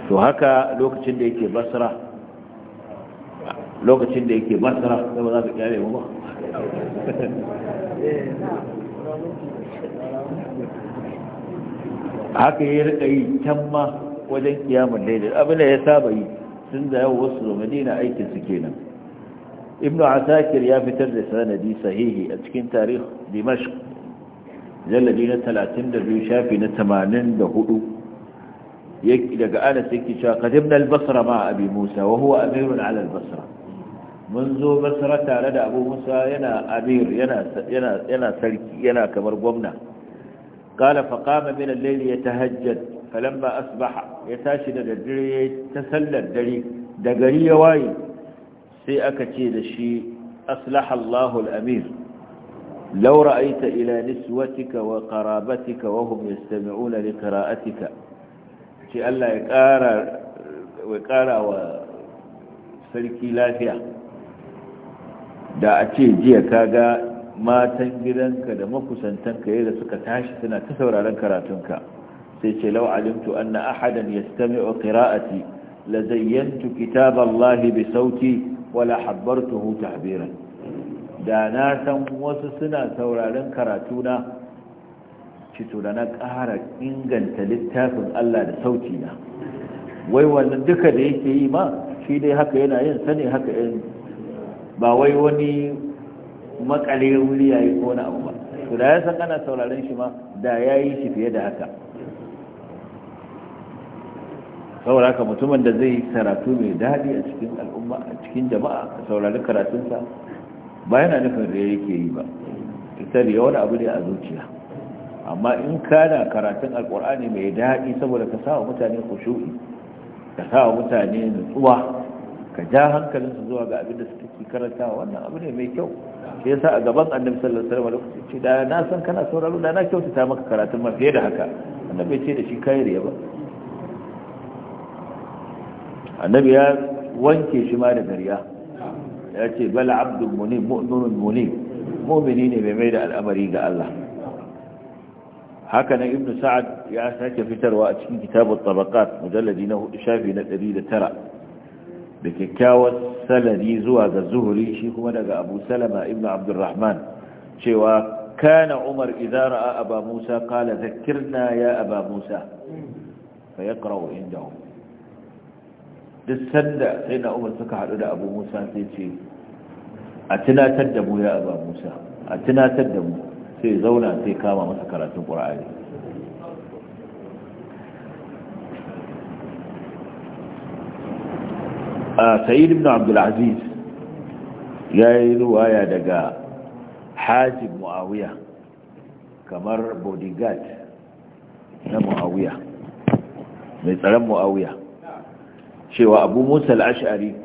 to haka lokacin da yake basra lokacin da yake basra sai ba za ka kyale mu ba haka ya rika yi can ma wajen kiyamun daidai abin da ya saba yi sun da yawa wasu madina aikin su kenan ibn asakir ya fitar da sanadi sahihi a cikin tarihi dimashq jalladi na 32 shafi na 84 yake daga anas yake cewa qadimna al-basra ma abi musa wa huwa amirun ala al-basra mun zo basara tare da abu musa yana kamar gwamna kala faƙama min lalle ya tahajjad falamma asbaha ya tashi da dare ya ta sallar dare da gari ya waye sai aka ce da shi aslaha Allahu al-amir law ra'aita ila niswatika wa qarabatika wa hum yastami'una li qira'atika sai Allah ya ƙara wa sarki lafiya da a ce jiya kaga matan gidanka da makusantanka yadda suka tashi suna ta sauraron karatunka sai ce lau alimtu anna ahadan yastami'u qira'ati la zayyantu kitaballahi bi sauti wala habbartuhu tahbiran da na san wasu suna sauraron karatuna ci to da na ƙara inganta littafin Allah da sauti na wai wannan duka da yake yi ma shi dai haka yana yin sani haka yin ba wai wani makale wuri yayi ko na abu ba to da ya san ana sauraron shi ma da yayi shi fiye da haka saboda haka mutumin da zai karatu mai daɗi a cikin al'umma a cikin jama'a a saurari karatunsa ba yana nufin da yake yi ba ita da wani abu ne a zuciya amma in kana karatun alkur'ani mai daɗi saboda ka sawa mutane kushu'i ka sawa mutane nutsuwa ka ja hankalinsu zuwa ga abin da suke karanta wannan abu ne mai kyau shi yasa a gaban annabi sallallahu alaihi wasallam ce da na san kana sauraro da na kyautata maka karatun ma fiye da haka annabi ce da shi kai riya ba annabi ya wanke shi ma da gariya ya ce bal abdul munim mu'minun munim mu'mini ne mai mai da al'amari ga Allah haka nan ibnu sa'ad ya sake fitarwa a cikin kitabut tabaqat mujalladi na 4 shafi na 109 da kyakkyawar salari zuwa ga zuhuri shi kuma daga abu salama ibn abdurrahman cewa kana umar Izara a aba musa Kala Zakirna ya aba musa fa inda indahu duk sanda sai na umar suka hadu da abu musa sai ce a tunatar da mu ya aba musa a tunatar da mu sai zauna sai kama masa karatun ƙura'ari. سيد بن عبد العزيز يا رواية دقاء حاجب معاوية كمر بوديغات معاوية مثلا معاوية شوى أبو موسى الأشعري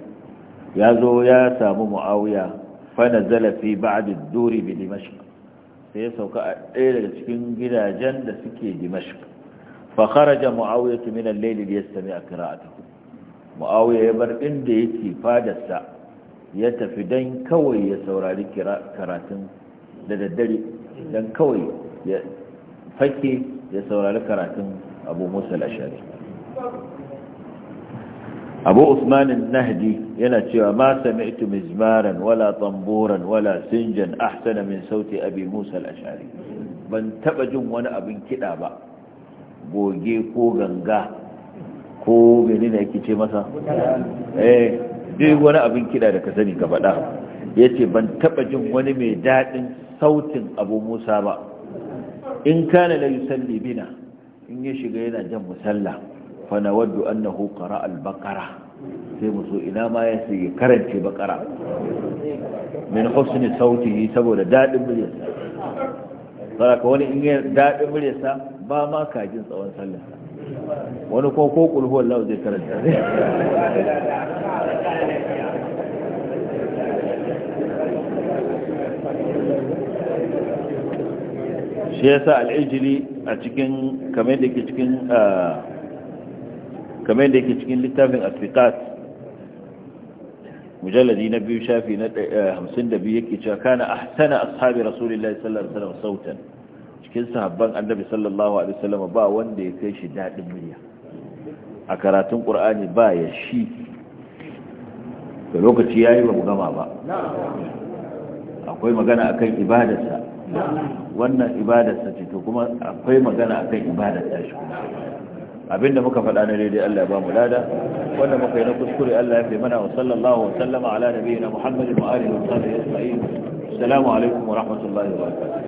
يازو يا سامو معاوية فنزل في بعد الدور بدمشق سيسوك أئل سكين جدا جند سكي دمشق فخرج معاوية من الليل ليستمع قراءته mu'awiya ya bar inda yake fadarsa ya tafi don kawai ya saurari karatun da daddare don kawai ya fake ya saurari karatun abu musa ashari abu usmanin nahdi yana cewa ma sami'tu mizmaran wala tamburan wala sinjan ahsana min sauti abi musa ashari ban taba jin wani abin kiɗa ba goge ko ganga ko menene yake ce masa eh duk wani abin kida da ka sani ka faɗa yace ban taɓa jin wani mai daɗin sautin Abu Musa ba in kana la salli bina in ya shiga yana jan musalla fa waddu annahu qara al sai mu ina ma ya sai karance baqara min sautin sautihi saboda daɗin muryarsa saraka wani in muryarsa ba ma kajin tsawon sallarsa wani ko ko kulhu wallahu zai karanta shi yasa al'ijili a cikin kamar da yake cikin kamar da yake cikin littafin afrikat mujalladi na biyu shafi na 52 yake cewa kana ahsana ashabi rasulillahi sallallahu alaihi wasallam sautan cikin sahabban annabi sallallahu alaihi wasallam ba wanda ya kai shi dadin murya a karatun qur'ani ba ya shi da lokaci yayi ba mu gama ba akwai magana akan ibadarsa wannan ibadarsa ce to kuma akwai magana akan ibadarsa shi abinda muka faɗa na daidai Allah ya ba mu lada wanda muka yi na kuskure Allah ya fi mana wa sallallahu wa sallama ala nabiyina Muhammadin wa alihi wa sahbihi ajma'in assalamu alaikum wa rahmatullahi wa barakatuh